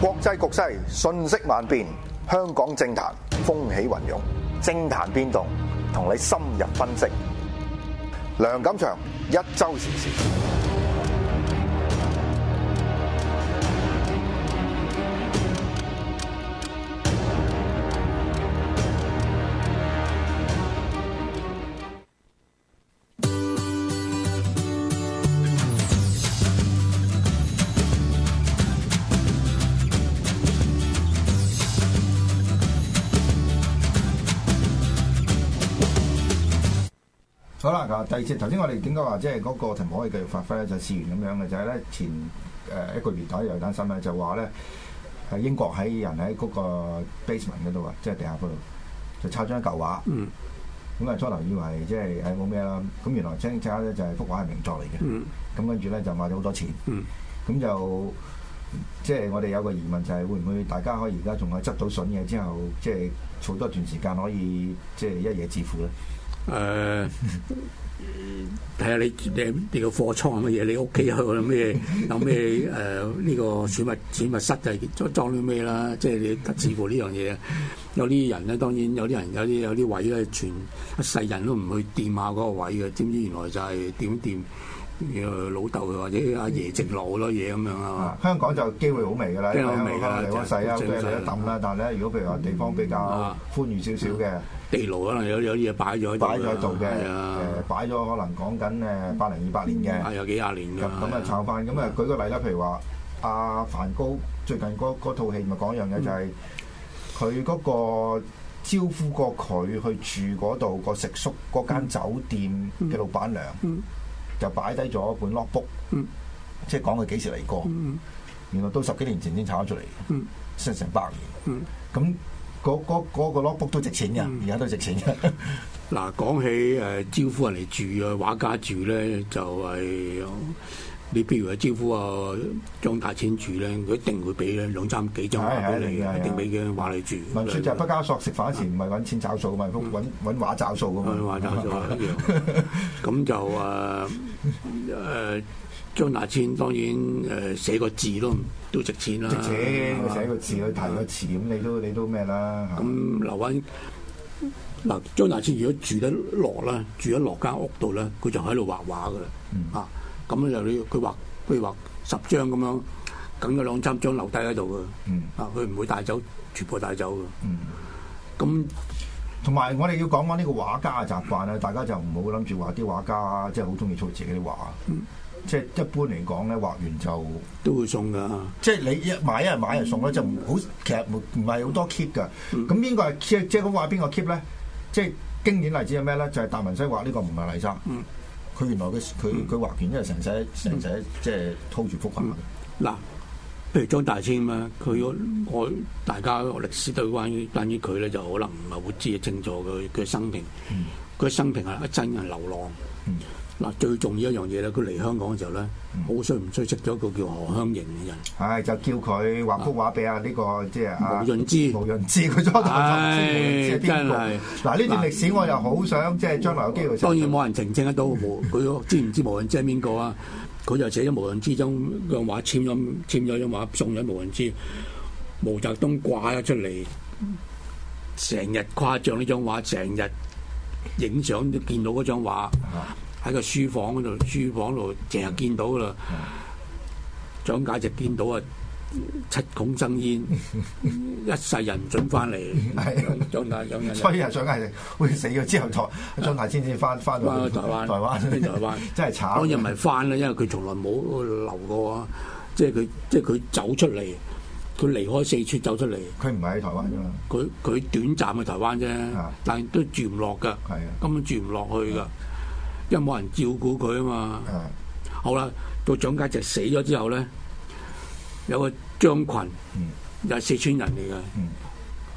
國際局勢瞬息萬變，香港政壇風起雲湧，政壇變動，同你深入分析。梁錦祥，一周時事。第二次頭先，我哋點解話即係嗰個題目可以繼續發揮咧？就事緣咁樣嘅，就係、是、咧前誒一個月頭有單新聞就話咧，喺英國喺人喺嗰個 basement 嗰度啊，即、就、係、是、地下嗰度就抄張舊畫。嗯。咁啊，初頭以為即係誒冇咩啦，咁、哎、原來真係抄咧就係幅畫係名作嚟嘅。咁跟住咧就賣咗好多錢。咁、嗯、就即係我哋有個疑問、就是，就係會唔會大家可以而家仲係執到筍嘢之後，即係儲多一段時間可以即係一夜致富咧？誒、嗯。 睇下你你你個貨倉乜嘢？你屋企有冇咩、呃，這個？有咩誒？呢個儲物儲物室就係裝裝啲咩啦？即係你得似乎呢樣嘢，有啲人咧，當然有啲人有啲有啲位咧，全世人都唔去掂下嗰個位嘅。知唔知原來就係點掂老豆或者阿爺直攞好多嘢咁樣啊？香港就機會好微噶啦，啊、香港嚟講細啊，俾你一抌啦。但係咧，如果譬如話地方比較寬裕少少嘅。嗯嗯啊地牢可能有有啲嘢擺咗擺咗喺度嘅，誒擺咗可能講緊誒八零二八年嘅，有幾廿年㗎。咁啊，炒翻咁啊，舉個例啦，譬如話阿梵高最近嗰套戲，咪講一樣嘢，就係佢嗰個招呼過佢去住嗰度個食宿嗰間酒店嘅老闆娘，就擺低咗本 notebook，即係講佢幾時嚟過。原來都十幾年前先炒出嚟，成成百年。咁。嗰嗰個 notebook 都值錢㗎，而家都值錢嘅。嗱，講起誒、uh, 招呼人嚟住，uh, 住，住就是 ja. 啊，畫家住咧就係你、like uh, 啊，譬如話招呼阿張大千住咧，佢一定會俾兩三幾張畫俾你，一定俾嘅畫你住。就書就畢加索，食飯前唔係揾錢找數，咪揾揾畫找數咁樣。揾畫找數一樣。咁就誒誒。small spirit 張大千當然誒寫、呃、個字咯，都值錢啦。值錢，寫、嗯、個字去吧提個字咁，你都你都咩啦、啊？咁留喺嗱張大千如果住得落咧，住喺落間屋度咧，佢就喺度畫畫噶啦。嗯、啊，咁咧就你佢畫，譬如畫十張咁樣，梗係兩三張留低喺度噶。嗯、啊，佢唔會帶走，全部帶走噶。咁同埋我哋要講講呢個畫家嘅習慣咧，大家就唔好諗住話啲畫家即係好中意收自己啲畫。嗯即係一般嚟講咧，畫完就都會送噶。即係你一買一人買一人送咧，嗯、就唔好。其實唔係好多 keep 噶。咁邊個係即係即係咁話邊個 keep 咧？即係經典例子係咩咧？就係、是、達文西畫呢、這個唔係麗莎。佢、嗯、原來佢佢佢畫片就成世成世即係套住幅畫嗱，譬如張大千啊，佢我大，大家學歷史對關於關於佢咧，就可能唔係好知嘅。正座佢嘅生平。嗯，佢生平係一真係流浪。嗯嗱最重要一樣嘢咧，佢嚟香港嘅時候咧，好、嗯、衰唔衰識咗一個叫何香凝嘅人，唉、哎，就叫佢畫幅畫俾啊呢、呢個即係啊，毛潤之，毛潤之佢真係嗱呢段歷史我又好想即係將來有機會，當然冇人澄清得到毛佢咯， 知唔知毛潤之係邊個啊？佢就寫咗毛潤之中嘅畫，簽咗簽咗張畫送咗毛潤之，毛澤東掛咗出嚟，成日誇張呢張畫，成日影相都見到嗰張畫。 喺個書房度，書房度成日見到噶啦。蔣介石見到啊，七孔生煙，一世人唔准翻嚟。張大千張大千，所以啊，蔣介石好似死咗之後，台張大千先先翻翻去台灣。台灣，台灣，真係慘。我又唔係翻啦，因為佢從來冇留過，即係佢，即係佢走出嚟，佢離開四處走出嚟，佢唔係喺台灣啫。佢佢短暫去台灣啫，但係都住唔落㗎，根本住唔落去㗎。因冇人照顧佢啊嘛， 好啦，到蔣介石死咗之後咧，有個張群，又係、嗯、四川人嚟嘅、嗯、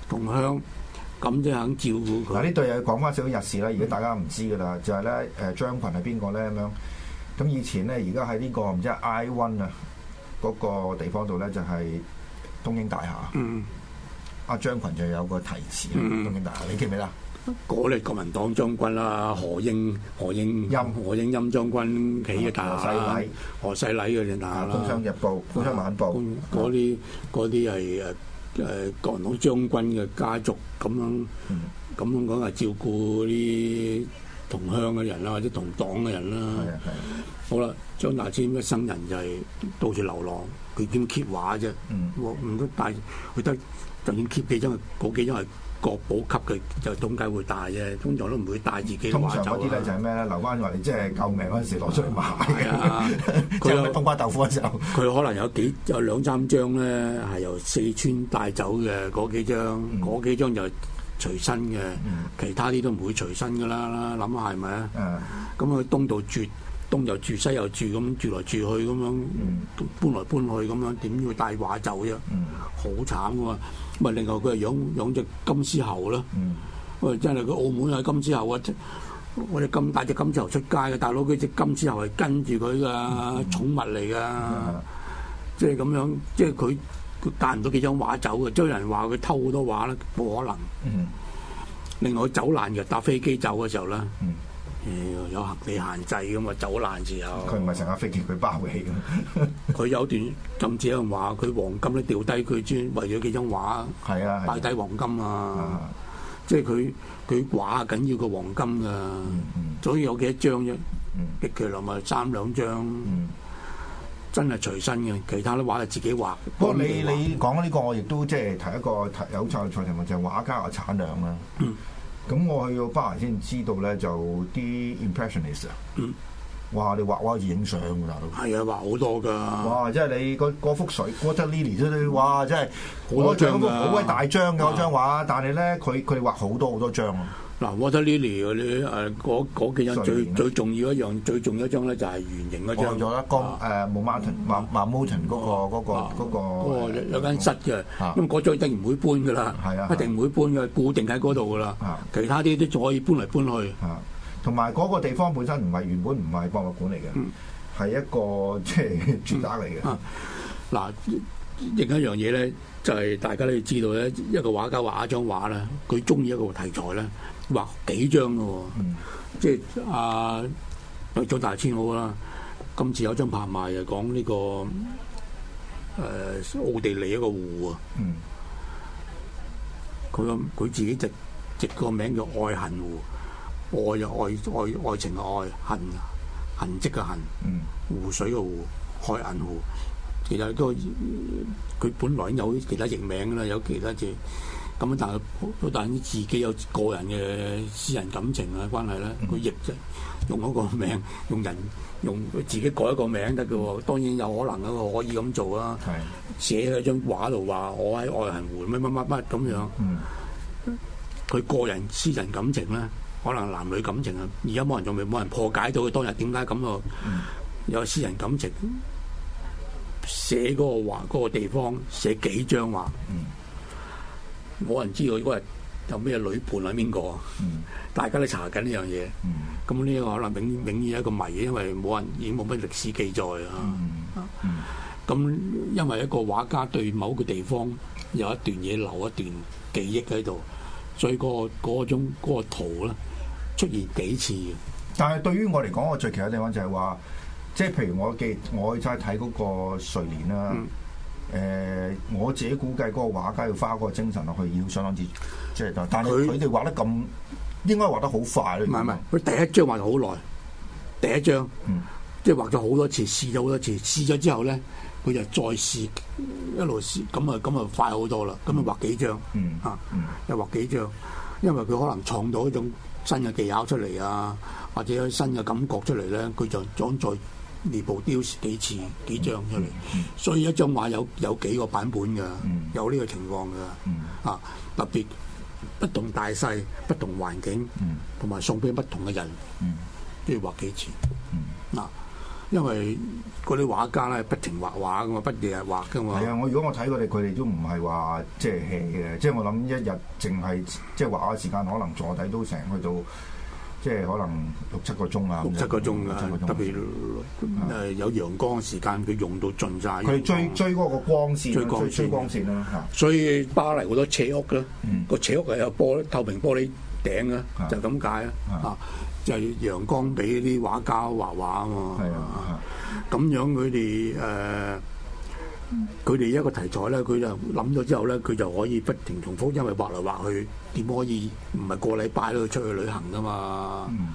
同鄉，咁即係肯照顧佢。嗱、啊，呢度又要講翻少少歷史啦，而家大家唔知噶啦，嗯、就係咧，誒張群係邊個咧咁樣？咁以前咧，而家喺呢個唔知 I One 啊嗰、那個地方度咧，就係、是、東英大廈。阿、嗯啊、張群就有個提示，東英大廈，你記唔記得？嗰啲國民黨將軍啦，何應何應欽何應欽將軍起嘅大西禮，何世禮嗰啲嗱，《工商日報》《工商晚報》，嗰啲啲係誒誒國民黨將軍嘅家族咁樣，咁樣講係照顧啲同鄉嘅人啦，或者同黨嘅人啦。好啦，張大千一生人就係到處流浪，佢點 keep 畫啫？我唔得帶，佢得就算 keep 幾張，嗰幾張係國寶級嘅就點解會帶啫？通常都唔會帶自己、啊。通常嗰啲咧就係咩咧？留翻嚟即係救命嗰陣時攞出去賣啊！佢喺冬瓜豆腐嘅時候，佢可能有幾有兩三張咧係由四川帶走嘅嗰幾張，嗰、嗯、幾張就隨身嘅。嗯、其他啲都唔會隨身㗎啦。諗下係咪啊？咁佢、嗯、東度住東又住西又住，咁住來住去咁樣、嗯、搬來搬去咁樣，點要帶畫走啫？好慘㗎。咪另外佢係養養隻金絲猴啦，我、嗯、真係佢澳門有金絲猴啊，我哋咁帶隻金絲猴出街嘅？大佬佢隻金絲猴係跟住佢噶，嗯、寵物嚟噶，嗯、即係咁樣，即係佢帶唔到幾張畫走嘅，有人話佢偷好多畫啦，冇可能。嗯、另外走難嘅搭飛機走嘅時候啦。嗯有合理限制咁啊，走難字啊！佢唔係成日飛碟佢包起嘅，佢 有段甚至有人話佢黃金都掉低，佢專為咗幾張畫，係啊，擺低、啊、黃金啊，啊即係佢佢畫緊要個黃金㗎，嗯嗯、所以有幾多張啫？一佢落埋三兩張，嗯、真係隨身嘅，其他啲畫係自己畫。不過你你講呢、這個我亦都即係提一個有趣有趣題目就係、是、畫家嘅產量啊！嗯咁我去到巴黎先知道咧，就啲 Impressionist 啊，嗯，哇，你畫掛住影相噶喇，係啊，畫好多噶，哇，即係你個幅水 Water Lily 都都，Lily, 嗯、哇，即係好多張好鬼大張嘅嗰張畫，的但係咧，佢佢畫好多好多張啊。嗱，Water Lily 嗰啲誒，幾張、啊嗰個、最片最重要一樣，最重要一張咧就係圓形嗰張。破咗一缸冇 m o u n t a i n 馬 m o u n t a i n 嗰個嗰個嗰個。哇、啊！有、嗰個、間室嘅，咁嗰張真係唔會搬噶啦，啊、一定唔會搬嘅，固定喺嗰度噶啦。啊、其他啲都仲可以搬嚟搬去。同埋嗰個地方本身唔係原本唔係博物館嚟嘅，係、嗯、一個即係住宅嚟嘅。嗱、就是。 嗯啊啊另一樣嘢咧，就係、是、大家都要知道咧，一個畫家畫一張畫咧，佢中意一個題材咧，畫幾張嘅喎、哦。嗯、即係阿張大千好啦，今次有張拍賣啊、這個，講呢個誒奧地利一個湖啊。佢佢、嗯、自己直直個名叫愛恨湖，愛就愛愛愛情嘅愛，恨痕跡嘅痕，恨恨嗯、湖水嘅湖，海銀湖。其實都佢本來有其他譯名噶啦，有其他字咁啊，但係但係自己有個人嘅私人感情啊關係啦，佢譯用嗰個名，用人用自己改一個名得嘅喎。當然有可能啊，可以咁做啊。寫喺張畫度話我喺外行換乜乜乜乜咁樣。佢個人私人感情咧，可能男女感情啊，而家冇人仲未冇人破解到佢當日點解咁喎，有私人感情。寫嗰個畫，嗰個地方寫幾張畫，冇、嗯、人知道嗰日有咩女伴喺邊個啊，嗯、大家都查緊呢樣嘢，咁呢一個可能永永遠一個謎，因為冇人已經冇乜歷史記載啦，咁、嗯嗯、因為一個畫家對某個地方有一段嘢留一段記憶喺度，所以，嗰個嗰種嗰、嗰個圖咧出現幾次，但係對於我嚟講，我最奇嘅地方就係話。即係譬如我記我再，我齋睇嗰個睡蓮啦。誒、呃，我自己估計嗰個畫家要花嗰個精神落去，要相當之即係，但係佢哋畫得咁，應該畫得好快，唔係唔係，佢、嗯、這樣 第一張畫好耐，第一張，嗯、即係畫咗好多次，試咗好多次，試咗之後咧，佢就再試，一路試，咁啊咁啊快好多啦，咁啊畫幾張，嗯、啊，嗯、又畫幾張，因為佢可能創造一種新嘅技巧出嚟啊，或者新嘅感覺出嚟咧，佢就想再。裂布丟幾次幾張出嚟，嗯嗯、所以一張畫有有幾個版本噶，嗯、有呢個情況噶，啊、嗯、特別不同大細、不同環境，同埋、嗯、送俾不同嘅人，都、嗯、要畫幾次。嗱、嗯，因為嗰啲畫家咧，不停畫畫嘅嘛，不斷係畫嘅嘛。係啊，我如果我睇佢哋，佢哋都唔係話即係戲嘅，即係我諗一日淨係即係畫畫時間，可能坐底都成去到。即係可能六七個鐘啊，六七個鐘啊，嗯、七個鐘特別誒有陽光時間，佢、啊、用到盡晒。佢追追嗰個光線，追光線追追光線啦。啊、所以巴黎好多斜屋啦，個、嗯、斜屋係有玻透明玻璃頂、就是、啊，啊，就咁、是、解啊。啊，就係陽光俾啲畫家畫畫啊嘛。係啊，咁樣佢哋誒。呃佢哋一個題材咧，佢就諗咗之後咧，佢就可以不停重複，因為畫來畫去點可以唔係個禮拜都出去旅行噶嘛？嗯、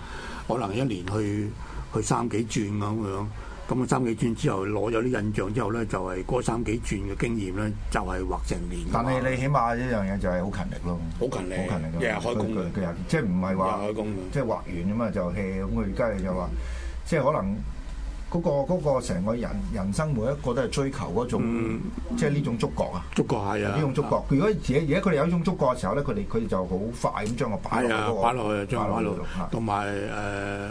可能一年去去三幾轉咁樣，咁啊三幾轉之後攞咗啲印象之後咧，就係、是、嗰三幾轉嘅經驗咧，就係、是、畫成年。但係你，你起碼一樣嘢就係好勤力咯，好勤力，好勤力嘅人開工嘅人，即係唔係話即係畫完啊嘛就 hea 咁？佢而家就話、嗯、即係可能。嗰個成個人人生每一個都係追求嗰種，嗯、即係呢種觸覺啊！觸覺係啊，呢種觸覺。如果而家佢哋有種觸覺嘅、啊、時候咧，佢哋佢哋就好快咁將、那個擺落、啊、去，擺落去，擺落去，同埋誒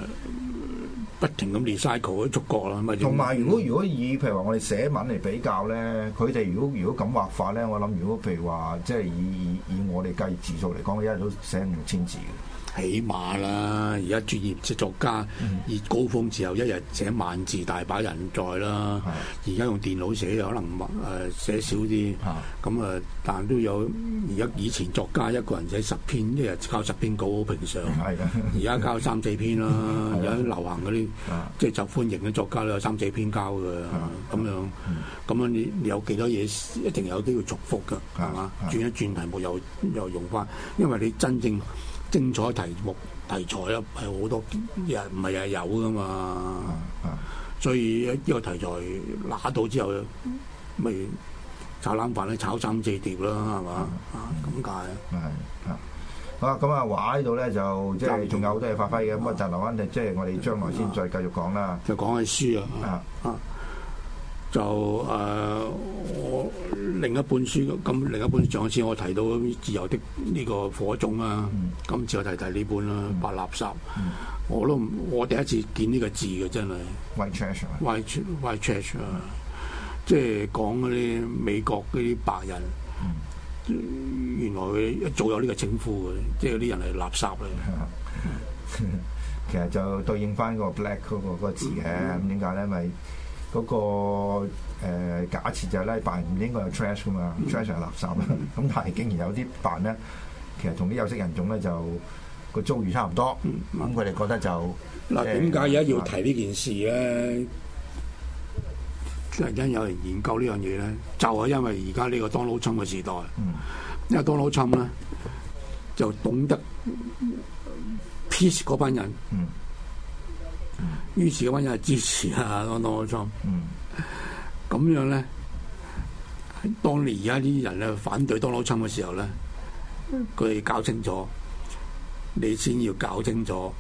不停咁 recycle 啲觸覺咯。同埋如果如果以譬如話我哋寫文嚟比較咧，佢哋如果如果咁畫法咧，我諗如果譬如話即係以以，以我哋計字數嚟講，一日都寫五千字。起碼啦，而家專業即作家以、嗯、高峰時候，一日寫萬字，大把人在啦。而家、啊、用電腦寫可能誒、呃、寫少啲咁啊，但都有而家以前作家一個人寫十篇，一日交十篇稿好平常。而家交三四篇啦，而家的流行嗰啲即係就歡迎嘅作家都有三四篇交㗎咁樣。咁樣，咁樣你有幾多嘢一定有啲要重複㗎，係嘛？轉一轉題目又又用翻，因為你真正精彩題目題材啊，係好多，又唔係又有噶嘛， 所以呢個題材拿到之後，咪炒冷飯、炒三字碟啦，係嘛？咁解。係啊，好啦，咁啊話呢度咧，就即係仲有好多嘢發揮嘅，乜就留返，即係我哋將來先再繼續講啦。就講起書啊。啊。就誒，我另一本書咁，另一本書上次我提到自由的呢個火種啊，今次我提提呢本啦，白垃圾，我都唔，我第一次見呢個字嘅，真係 white trash，white trash 啊，即係講嗰啲美國嗰啲白人，原來佢一早有呢個稱呼嘅，即係啲人係垃圾咧。其實就對應翻個 black 嗰個嗰個字嘅，咁點解咧？咪？嗰、那個、呃、假設就係咧，白人唔應該有 trash 噶嘛、mm.，trash 係垃圾啦。咁但係竟然有啲白人咧，其實同啲有色人種咧就個遭遇差唔多，咁佢哋覺得就嗱，點解而家要提呢件事咧？突然間有人研究呢樣嘢咧，就係、是、因為而家呢個當老襯嘅時代，mm. 因為當老襯咧就懂得 piece 嗰班人。Mm. 於是嗰班人係支持啊 Donald Trump，咁樣咧，當年而家啲人咧反對 Donald Trump 嘅時候咧，佢、嗯、搞清楚，你先要搞清楚，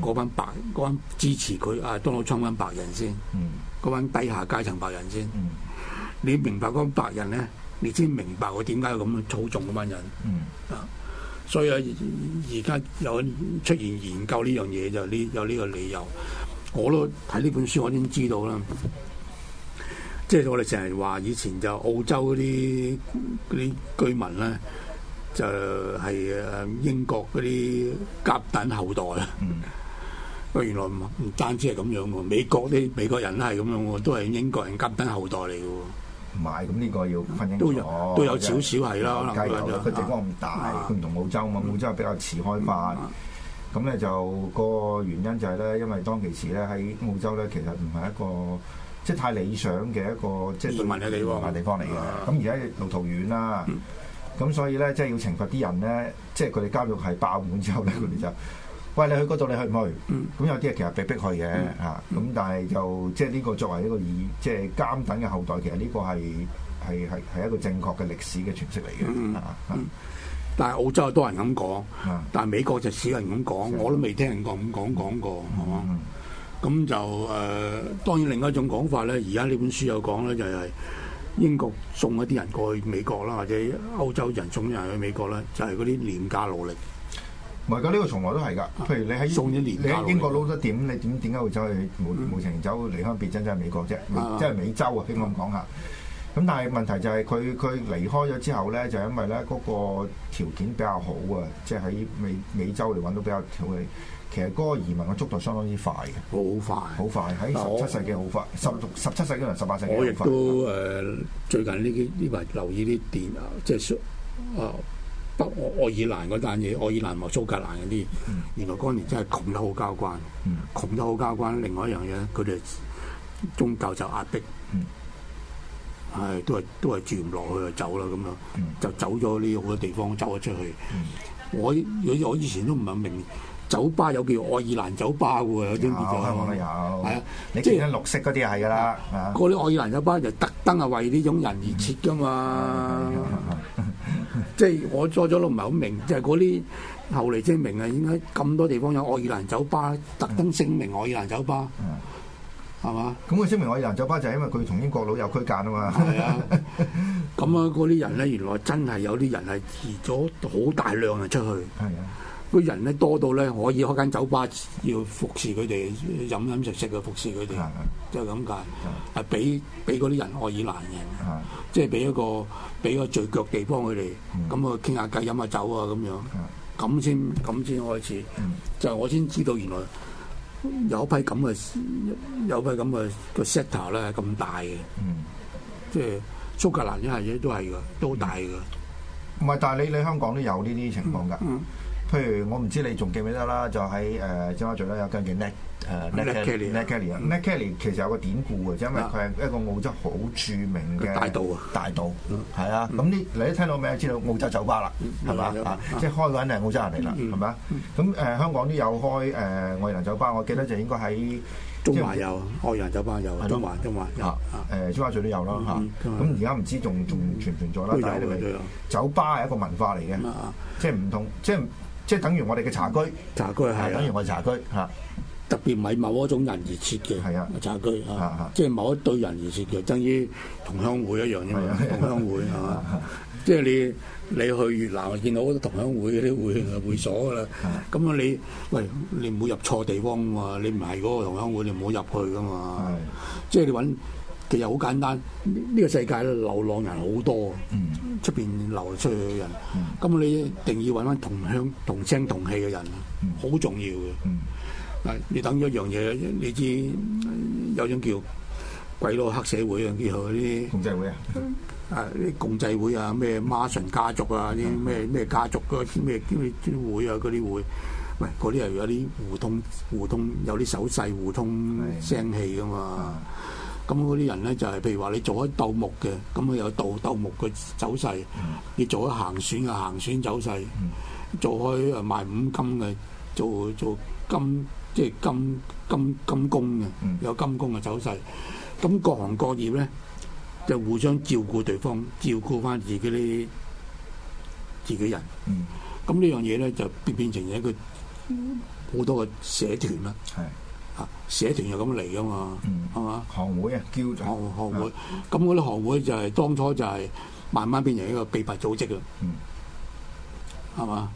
嗰班白嗰、嗯、班支持佢啊 Donald Trump 嗰班白人先，嗰、嗯、班低下階層白人先，嗯、你明白嗰班白人咧，你先明白我點解要咁樣操縱嗰班人。嗯嗯。所以啊，而家有出現研究呢樣嘢就呢有呢個理由。我都睇呢本書，我已經知道啦。即係我哋成日話以前就澳洲嗰啲啲居民咧，就係誒英國嗰啲甲等後代啊。 原來唔單止係咁樣喎，美國啲美國人咧係咁樣喎，都係英國人甲等後代嚟嘅喎。同埋咁呢個要分映咗，都有都有少少係啦。可能佢佢地方咁大，佢唔同澳洲嘛。澳洲比較遲開發，咁咧就個原因就係咧，因為當其時咧喺澳洲咧，其實唔係一個即係太理想嘅一個即移民嘅地方，地方嚟嘅。咁而家路途遠啦，咁所以咧即係要懲罰啲人咧，即係佢哋監獄係爆滿之後咧，佢哋就。喂，你去嗰度，你去唔去？咁有啲嘢其實被逼迫去嘅嚇，咁、嗯啊、但係就即係呢個作為一個以即係監躉嘅後代，其實呢個係係係係一個正確嘅歷史嘅傳述嚟嘅。但係澳洲好多人咁講，嗯、但係美國就少人咁講，的我都未聽人講咁講講過，係嘛？咁就誒、呃，當然另外一種講法咧，而家呢本書有講咧，就係英國送一啲人過去美國啦，或者歐洲人送人去美國啦，就係嗰啲廉價勞力。唔係㗎，呢個從來都係㗎。譬如你喺英，年年你喺英國撈得點，嗯、你點點解會走去無無情走離鄉別井，真係美國啫？啊、即係美洲啊，聽我咁講下。咁但係問題就係佢佢離開咗之後咧，就係、因為咧嗰、嗰個條件比較好啊，即係喺美美洲嚟揾到比較條嘅。其實嗰個移民嘅速度相當之快嘅，好快，好快喺十七世紀好快，十十七世紀同十八世紀好快。我亦都誒、呃、最近呢啲呢啲留意啲電啊，即係誒。北愛愛爾蘭嗰單嘢，愛爾蘭和蘇格蘭嗰啲，嗯、原來嗰年真係窮得好交關，嗯、窮得好交關。另外一樣嘢，佢哋宗教就壓迫，係、嗯、都係都係住唔落去走樣、嗯、就走啦咁咯，就走咗呢好多地方，走咗出去。嗯、我我以前都唔係明，酒吧有叫愛爾蘭酒吧嘅喎，有啲咩嘅？香港都有，係啊，你見到綠色嗰啲係㗎啦，嗰、啊、啲愛爾蘭酒吧就特登係為呢種人而設㗎嘛。即係我初初都唔係好明，即係嗰啲後嚟先明啊！應該咁多地方有愛爾蘭酒吧，特登聲明愛爾蘭酒吧，係嘛、啊？咁佢吧聲明愛爾蘭酒吧就係因為佢同英國佬有區隔啊嘛。係啊，咁啊嗰啲人咧，原來真係有啲人係移咗好大量啊出去。係啊。嗰人咧多到咧可以開間酒吧，要服侍佢哋飲飲食食嘅服侍佢哋，就係咁解，係俾俾嗰啲人愛爾蘭人嘅，即係俾一個俾個聚腳地方佢哋，咁啊傾下偈飲下酒啊咁、hmm. 樣，咁先咁先開始，就我先知道原來有批咁嘅有一批咁嘅個 settle、hmm. 咧係咁大嘅，即係蘇格蘭一係嘢都係嘅，都大嘅，唔係，但係你你香港都有呢啲情況㗎。譬如我唔知你仲記唔記得啦，就喺誒尖沙咀咧有間叫 Ned Kelly 誒 Ned Kelly Ned Kelly 其實有個典故嘅，因為佢係一個澳洲好著名嘅大盜啊，大盜，係啊，咁呢你一聽到名知道澳洲酒吧啦，係嘛，即係開嗰陣係澳洲人嚟啦，係嘛？咁誒香港都有開誒愛爾蘭酒吧，我記得就應該喺中環有愛爾蘭酒吧有，中環中環啊，誒尖沙咀都有啦，咁而家唔知仲仲存唔存在啦，但係你酒吧係一個文化嚟嘅，即係唔同，即係。即係、 嗯、等於我哋嘅茶居，茶居係等於我哋茶居嚇，特別唔係某一種人而設嘅係是啊，啊，茶居嚇即係某一對人而設嘅，等於同鄉會一樣啫嘛，是啊、同鄉會嚇， 是啊、即係你你去越南見到同鄉會嗰啲會會所㗎啦，咁樣你喂你唔好入錯地方㗎嘛，你唔係嗰個同鄉會，你唔好入去㗎嘛，即係是、啊、你揾。其實好簡單，呢、這個世界流浪人好多，出邊流出去嘅人，咁、嗯、你一定要揾翻同鄉、同聲、同氣嘅人，好、嗯、重要嘅。嗱、嗯，你等於一樣嘢，你知有種叫鬼佬黑社會啊，叫佢啲共濟會啊，啊啲共濟會啊，咩 Mason 家族啊，啲咩咩家族嗰啲咩咩啲會啊，嗰啲會，喂，嗰啲又有啲互通互通，有啲手勢互通聲氣噶嘛。咁嗰啲人咧就係，譬如話你做開鬥木嘅，咁佢有鬥鬥木嘅走勢；嗯、你做開行船嘅行船走勢；嗯、做開誒賣五金嘅，做做金即係金金金工嘅，嗯、有金工嘅走勢。咁各行各業咧就互相照顧對方，照顧翻自己啲自己人。咁、嗯、呢樣嘢咧就變變成一個好多個社團啦。嗯社團又咁嚟噶嘛？係嘛？行會啊，叫做行行會。咁嗰啲行會就係當初就係慢慢變成一個秘密組織啦。係嘛？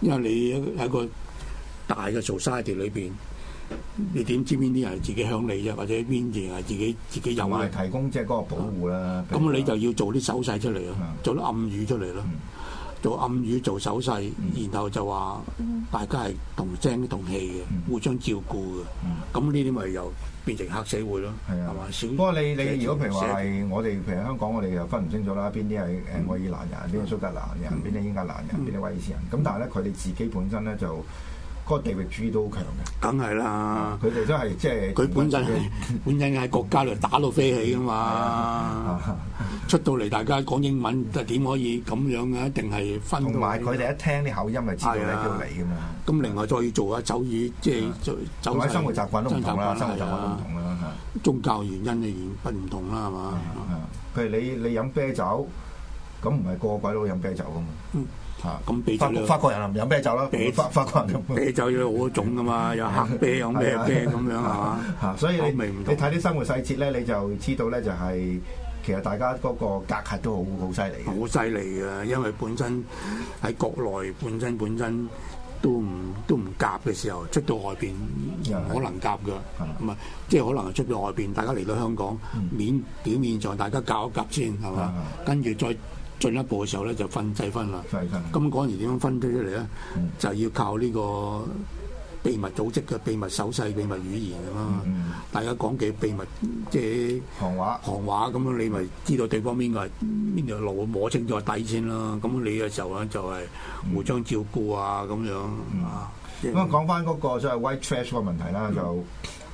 因為你喺一個大嘅嘈沙地裏邊，你點知邊啲人係自己向你啫，或者邊啲人係自己自己有啊？提供即係嗰個保護啦。咁你就要做啲手勢出嚟咯，做啲暗語出嚟咯。做暗語做手勢，然後就話大家係同聲同氣嘅，互相照顧嘅。咁呢啲咪又變成黑社會咯？係啊，係嘛，不過你你如果譬如話係我哋，譬如香港，我哋又分唔清楚啦，邊啲係誒愛爾蘭人，邊啲蘇格蘭人，邊啲英格蘭人，邊啲威爾士人。咁但係咧，佢哋自己本身咧就個地域主義都好強嘅，梗係啦！佢哋都係即係佢本身係本身係國家嚟打到飛起噶嘛，出到嚟大家講英文，點可以咁樣啊？一定係分，同埋佢哋一聽啲口音就知道邊個嚟㗎嘛？咁另外再做下酒語，即係酒同生活習慣都唔同啦，生活習慣唔同啦，宗教原因你完不唔同啦，係嘛？譬如你你飲啤酒，咁唔係個個鬼佬飲啤酒㗎嘛？啊！咁啤酒，法國人啊唔飲啤酒啦，法法國人。啤酒有好多種噶嘛，有黑啤、有咩啤咁樣嚇。嚇，所以你你睇啲生活細節咧，你就知道咧，就係其實大家嗰個隔閡都好好犀利。好犀利啊！因為本身喺國內本身本身都唔都唔夾嘅時候，出到外邊可能夾噶，唔係即係可能出到外邊，大家嚟到香港面表面上大家夾一夾先，係嘛？跟住再進一步嘅時候咧，就分制分啦。咁陣時點樣分出出嚟咧，就要靠呢個秘密組織嘅秘密手勢、秘密語言㗎嘛。大家講幾秘密，即係行話行話咁樣，你咪知道對方邊個邊條路摸清楚底先啦。咁你嘅時候咧就係互相照顧啊，咁樣啊。咁啊，講翻嗰個所謂 White Trash 嗰個問題啦，就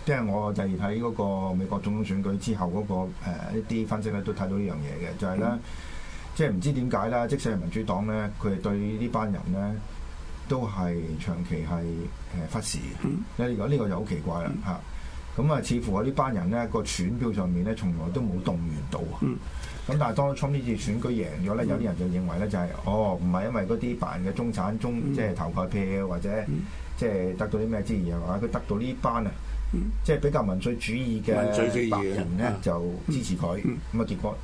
即係我就係睇嗰個美國總統選舉之後嗰個一啲分析咧，都睇到呢樣嘢嘅，就係咧。即係唔知點解啦，即使係民主黨咧，佢哋對呢班人咧都係長期係誒忽視，咧，如果呢個就好奇怪啦嚇。咁啊，似乎喺呢班人咧個選票上面咧，從來都冇動員到。咁但係當初呢次選舉贏咗咧，有啲人就認為咧就係哦，唔係因為嗰啲白人嘅中產中即係投白票或者即係得到啲咩支持，或者佢得到呢班啊，即係比較民粹主義嘅人咧就支持佢。咁啊，結果。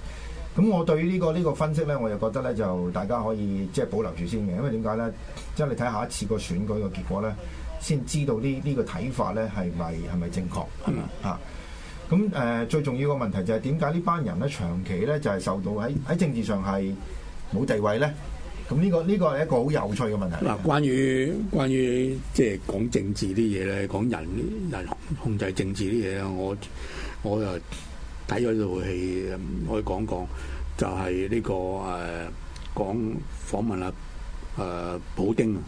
咁我對於呢個呢個分析咧，我又覺得咧就大家可以即係、就是、保留住先嘅，因為點解咧？即、就、係、是、你睇下一次個選舉嘅結果咧，先知道呢呢、這個睇法咧係咪係咪正確係咪吧啊？咁誒、呃、最重要個問題就係點解呢班人咧長期咧就係、是、受到喺喺政治上係冇地位咧？咁呢、這個呢、這個係一個好有趣嘅問題。嗱、啊，關於關於即係、就是、講政治啲嘢咧，講人人控制政治啲嘢咧，我我又～睇咗套戲可以講講，就係呢個誒講訪問啊，誒普京啊，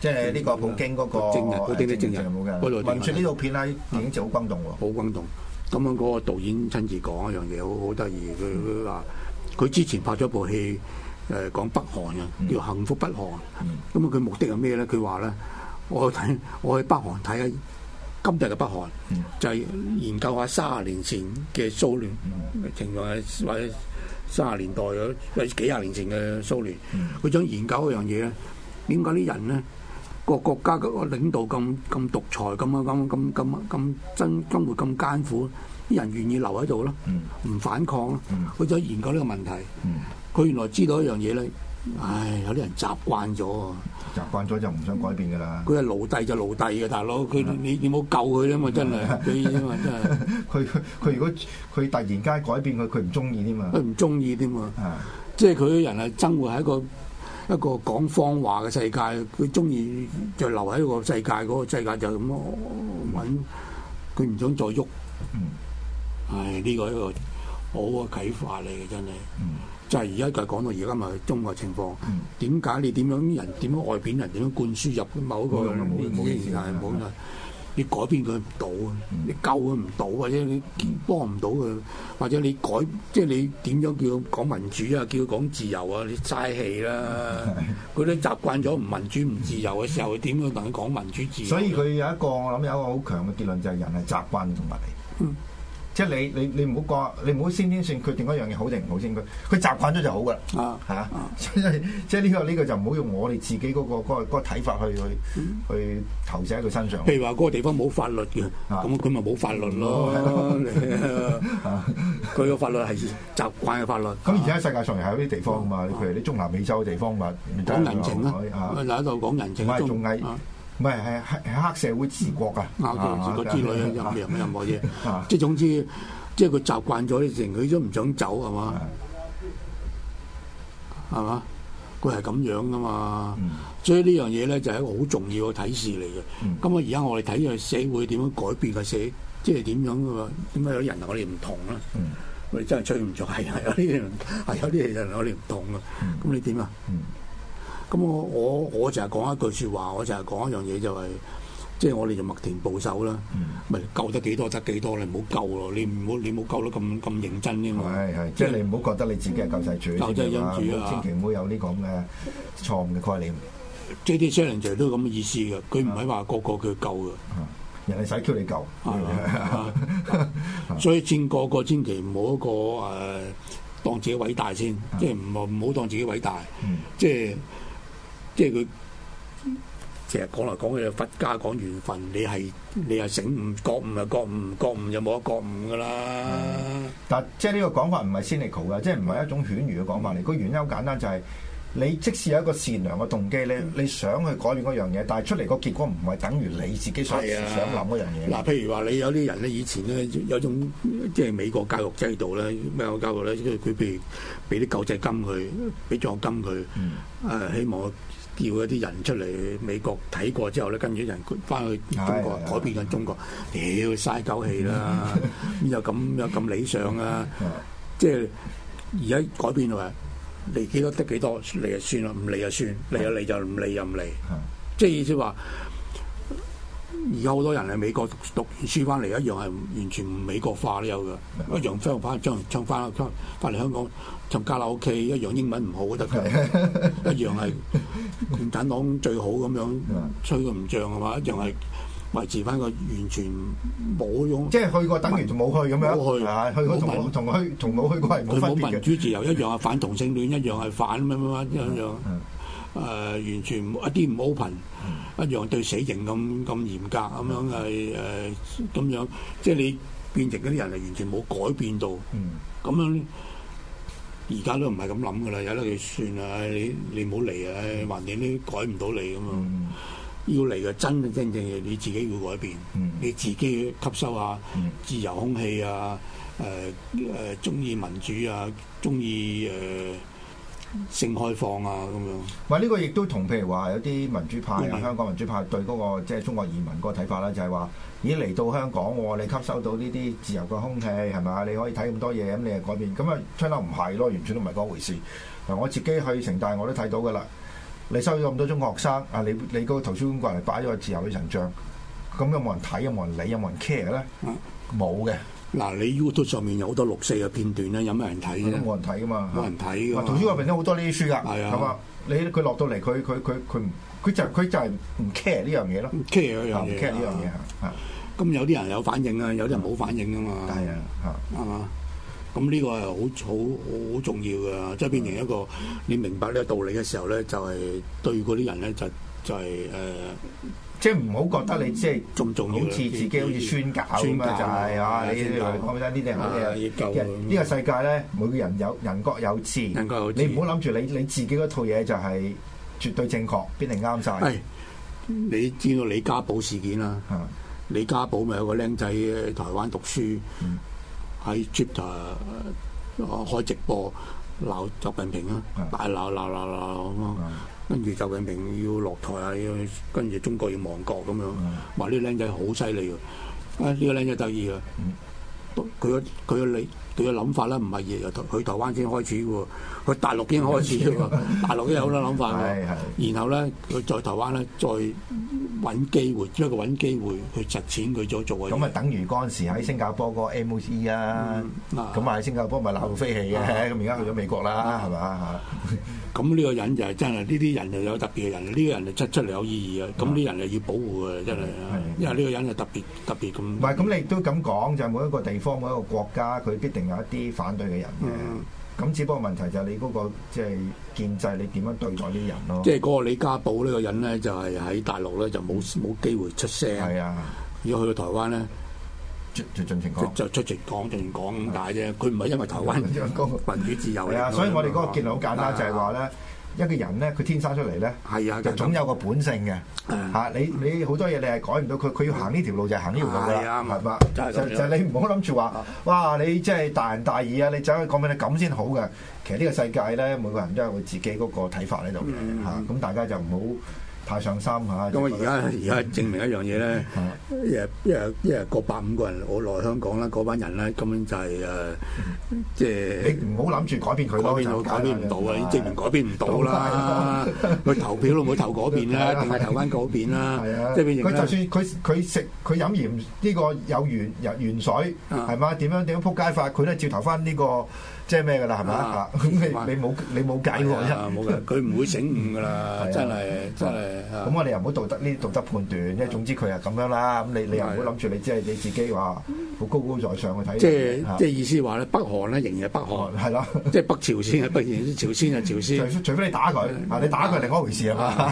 即係呢個普京嗰個。普京，普京啲證人冇嘅。嗰呢套片咧，電影就好轟動喎。好轟動，咁樣嗰個導演親自講一樣嘢，好好得意。佢佢話：佢之前拍咗部戲，誒講北韓啊，叫《幸福北韓》。咁啊，佢目的係咩咧？佢話咧：我睇我去北韓睇啊！今日嘅北韓就係、是、研究下三十年前嘅蘇聯情況，或者三十年代有幾廿年前嘅蘇聯。佢、嗯、想研究一樣嘢咧，點解啲人咧，個國家嗰個領導咁咁獨裁，咁啊咁咁咁咁真生活咁艱苦，啲人願意留喺度咯，唔反抗咯。佢、嗯、想研究呢個問題，佢原來知道一樣嘢咧。唉，有啲人習慣咗啊！習慣咗就唔想改變噶啦。佢係奴隸就奴隸嘅大佬，佢、嗯、你你冇救佢啊嘛！真係你啊嘛！佢佢如果佢突然間改變佢，佢唔中意添嘛？佢唔中意添嘛？嗯、即係佢人係生活喺一個一個講謊話嘅世界，佢中意就留喺個世界嗰、嗰個世界就咁揾，佢、哦、唔想再喐。嗯、唉，呢、呢個一個好嘅啟發嚟嘅真係。嗯就係而家就係講到而家咪中國情況，點解、嗯、你點樣人點、嗯、樣外邊人點樣灌輸入某一個某啲、嗯嗯、時間，冇啦、嗯，你改變佢唔到啊，嗯、你救佢唔到或者你幫唔到佢，或者你改即係、就是、你點樣叫佢講民主啊，叫佢講自由啊，你嘥氣啦，佢、嗯、都習慣咗唔民主唔自由嘅時候，點去同佢講民主自由、啊？所以佢有一個我諗有一個好強嘅結論就係、是、人係習慣嘅動物嚟。嗯即係你你你唔好講，你唔好先天性決定嗰樣嘢好定唔好先佢。佢習慣咗就好㗎喇，嚇。所以即係呢個呢個就唔好用我哋自己嗰個嗰個嗰個睇法去去去投射喺佢身上。譬如話嗰個地方冇法律嘅，咁佢咪冇法律咯。佢個法律係習慣嘅法律。咁而家世界上又係有啲地方啊嘛，譬如啲中南美洲嘅地方咪講人情咯。啊，嗱喺度講人情，仲意。唔係係係黑社會治國噶，黑社會治國之類啊，任任任何嘢，啊、即係總之，即係佢習慣咗啲嘢，佢都唔想走，係是嘛？係嘛，嗯？佢係咁樣噶嘛？所以呢樣嘢咧就係、是，一個好重要嘅提示嚟嘅。咁啊，嗯，而家我哋睇下社會點樣改變嘅社會，即係點樣嘅喎？點解有啲人我哋唔同啦？嗯，我哋真係吹唔上，係有啲人係有啲人我哋唔同啊！咁、嗯，你點啊？嗯咁我我我成日講一句説話，我成日講一樣嘢就係，即係我哋就麥田捕手啦，咪救得幾多得幾多咧，唔好救咯，你唔好你唔好救得咁咁認真啫嘛。係係，即係你唔好覺得你自己係救世主啊，千祈唔好有啲咁嘅錯誤嘅概念。J. D. Salinger 都咁嘅意思嘅，佢唔係話個個佢救嘅，人哋使叫你救，所以千個個千祈唔好一個誒當自己偉大先，即係唔唔好當自己偉大，即係。即係佢成日講嚟講去佛家講緣分，你係你係醒悟覺悟又覺悟，覺悟又冇得覺悟㗎啦。但係即係呢個講法唔係 cynical 㗎，即係唔係一種犬儒嘅講法嚟。個原因好簡單就係你即使有一個善良嘅動機咧，你想去改變嗰樣嘢，但係出嚟個結果唔係等於你自己想想諗嗰樣嘢。嗱，譬如話你有啲人咧，以前咧有種即係美國教育制度咧，美國教育咧佢佢譬如俾啲救濟金佢，俾助學金佢，誒希望。叫一啲人出嚟美國睇過之後咧，跟住啲人翻去中國改變緊中國，屌嘥鳩氣啦！ 又咁又咁理想啊！即係而家改變啊嘛，嚟幾多得幾多嚟就算啦，唔嚟就算，嚟就嚟就唔嚟又唔嚟，即係意思話。而家好多人喺美國讀讀書翻嚟，一樣係完全唔美國化都有嘅， 一樣飛又翻唱唱翻翻嚟香港唱卡拉 OK 一樣英文唔好得㗎， 一樣係共產黨最好咁樣吹佢唔脹係嘛？一樣係維持翻個完全冇用，即係去過等完就冇去咁沒樣。冇去去同去同冇去過係冇分別嘅。佢冇民主自由， 一樣係反同性戀，一樣係反咁樣咁 誒完全冇一啲唔 open，一樣對死刑咁咁嚴格，咁樣係誒咁樣，即係你變成嗰啲人係完全冇改變到，咁樣而家都唔係咁諗噶啦，有得你算啦！你你唔好嚟啊，橫掂你改唔到你咁樣啊！要嚟就真真正正你自己要改變，你自己吸收下自由空氣啊！誒誒，中意民主啊，中意誒。性開放啊，咁樣，唔係呢個亦都同譬如話有啲民主派啊，是香港民主派對嗰、那個即係、就是、中國移民嗰個睇法啦，就係、是、話，咦嚟到香港喎，你吸收到呢啲自由嘅空氣係咪？你可以睇咁多嘢，咁你又改變，咁啊 t r 唔係咯，完全都唔係嗰回事。嗱，我自己去城大我都睇到噶啦，你收咗咁多中國學生啊，你你嗰個圖書館過嚟擺咗個自由女神像，咁有冇人睇？有冇人理？有冇人 care 咧？冇嘅是。嗱，你 YouTube 上面有好多六四嘅片段咧，有咩人睇咧？冇人睇噶嘛，冇人睇噶嘛。圖書館都好多呢啲書噶，咁啊係嘛，你佢落到嚟，佢佢佢佢唔，佢就佢就係唔 care 呢樣嘢咯，care 呢樣嘢，care 呢樣嘢啊。咁有啲人有反應啊，有啲人冇反應噶嘛。係啊，啊，咁呢個係好好好重要噶，即係變成一個你明白呢個道理嘅時候咧，就係對嗰啲人咧就就係誒。呃即係唔好覺得你即係仲仲好似自己好似宣教咁啊！就係啊，呢我覺得呢啲人，呢啲人呢個世界咧，每個人有人各有志，你唔好諗住你你自己嗰套嘢就係絕對正確，邊度啱晒。係你知道李家寶事件啦，李家寶咪有個僆仔喺台灣讀書，喺 Twitter 開直播鬧習近平啊，大鬧鬧鬧鬧咁咯。跟住習近平要落台啊！要跟住中國要亡國咁樣，話呢個僆仔好犀利㗎！啊呢個僆仔得意啊。佢、哎這個佢個理佢個諗法咧，唔係由日去台灣先開始喎，佢大陸已經開始喎，嗯、大陸都有好多諗法、嗯、然後咧，佢在台灣咧再。嗯嗯揾機會，即係佢揾機會去實踐佢做做嘅。咁啊，等於嗰陣時喺新加坡個 MOC、e、啊，咁、嗯、啊喺新加坡咪鬧飛起嘅，咁而家去咗美國啦，係嘛？咁呢個人就係、是、真係呢啲人又有特別嘅人，呢啲人就出出嚟有意義啊！咁呢人又要保護啊，真係。嗯、因為呢個人就特別的特別咁。唔係，咁你亦都咁講就是、每一個地方每一個國家，佢必定有一啲反對嘅人嘅。嗯咁只不過問題就係你嗰、那個即係、就是、建制，你點樣對待啲人咯？即係嗰個李家寶呢個人咧，就係、是、喺大陸咧就冇冇機會出聲。係啊，要去到台灣咧，就盡盡情講，就出直講，盡講大啫。佢唔係因為台灣個民主自由啊，所以我哋嗰個見解好簡單，啊、就係話咧。一個人咧，佢天生出嚟咧，哎、呀就總有個本性嘅嚇、哎呀啊。你你好多嘢你係改唔到，佢佢要行呢條路就係行呢條路啦，係嘛？就就，就你唔好諗住話，啊、哇！你即係大仁大義啊！你走去講俾你咁先好嘅。其實呢個世界咧，每個人都有佢自己嗰個睇法喺度嘅嚇，咁大家就唔好，太上心啊！咁啊，而家而家證明一樣嘢咧，一一一個百五個人，我來香港啦，嗰班人咧，根本就係誒，即係你唔好諗住改變佢，改變到改變唔到啊！證明改變唔到啦，佢投票都唔會投嗰邊啦，定係投翻嗰邊啦。係啊，佢就算佢佢食佢飲鹽呢個有源源水係嘛？點樣點樣撲街法？佢咧照投翻呢個。即係咩㗎啦，係咪咁你你冇你冇計啫，喎，佢唔會醒悟㗎啦，真係真係。咁我哋又唔好道德呢道德判斷，因為總之佢係咁樣啦。咁你你又唔好諗住你只係你自己話好高高在上去睇。即係即係意思話咧，北韓咧仍然係北韓，係咯。即係北朝鮮，北朝鮮就朝鮮。除非你打佢，你打佢係另外一回事啊嘛。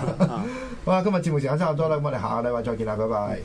好啦！今日節目時間差唔多啦，咁我哋下個禮拜再見啦，拜拜。